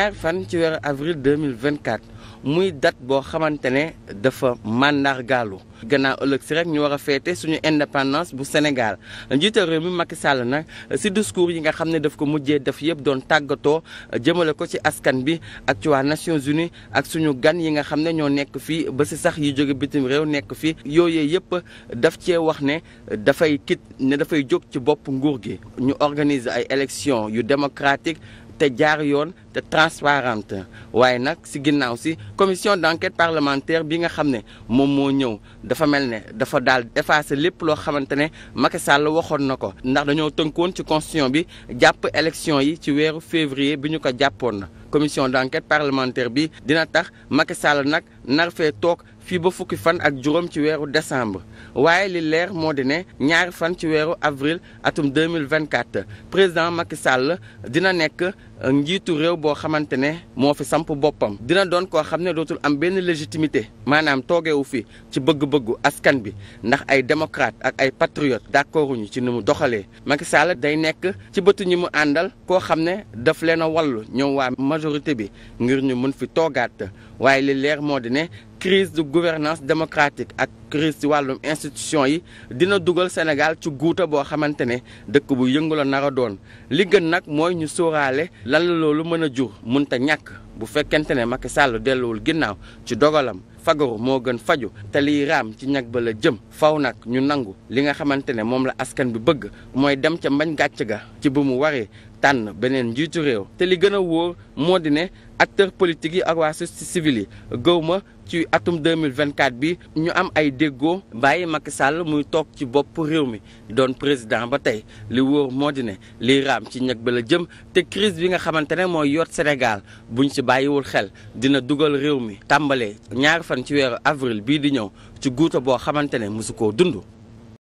ñaar fan ci weeru avril 2024 muy date boo xamante ne dafa màndargaalu gannaaw ëllëg si rek ñu war a féete suñu indépendance bu Sénégal njiital réew mi Macky Sall nag si discours yi nga xam ne daf ko mujjee def yëpp doon tàggatoo jëmale ko ci askan bi ak ci waa Nations Unies ak suñu gan yi nga xam ne ñoo nekk fii ba si sax yi jóge bitim réew nekk fii yooyee yëpp daf cee wax ne dafay kit ne dafay jóg ci bopp nguur gi ñu organiser ay élections yu démocratique te jaar yoon te transparente waaye nag si ginnaaw si commission d'enquête parlementaire bi nga xam ne moom moo ñëw dafa mel ne dafa daal effacer lépp loo xamante ne Macky waxoon na ko ndax dañoo tënkoon ci constitution bi jàpp élection yi ci weeru février bi ñu ko jàppoon na commission d'enquête parlementaire bi dina tax Macky Sall nag nar fee toog fii ba fukki fan ak juróom ci weeru décembre waaye li leer moo di ne ñaari fan ci weeru avril atum 2024 président Macky Sall dina nekk njiitu réew boo xamante ne moo fi samp boppam dina doon koo xam ne dootul am benn légitimité maanaam toogeewu fi ci bëgg-bëggu askan bi ndax ay démocrate ak ay patriote d'accorduñu ci ni mu doxalee Macky Sall day nekk ci bëtu ñi mu àndal koo xam ne daf leen a wallu ñoom waa majorité bi ngir ñu mën fi toogaat waaye li leer moo di ne crise de gouvernance démocratique ak crise ci wàllum institution yi dina dugal Sénégal ci guuta boo xamante ne dëkk bu yëngu la nar a doon li gën nag mooy ñu sóoraale lan la loolu mën a jur munta ñàkk bu fekkente ne Macky Sall delluwul ginnaaw ci dogalam fagaru moo gën faju te lii raam ci ñag ba la jëm faw nag ñu nangu li nga xamante ne moom la askan bi bëgg mooy dem ca mbañ gàcc ga ci bu mu waree tànn beneen njiitu réew te li gën a wóor moo di ne acteurs politiques yi ak waa société civile yi gëw ma ci atum 2024 bi ñu am ay déggoo bàyyi Macky Sall muy toog ci bopp réew mi doon président ba tey li wóor moo di ne liy raam ci ñag ba la jëm te crise bi nga xamante ne mooy yoot Sénégal bàyyiwul xel dina dugal réew mi tàmbalee ñaar fan ci weeru avril bii di ñëw ci guuta boo xamante ne mosu koo dund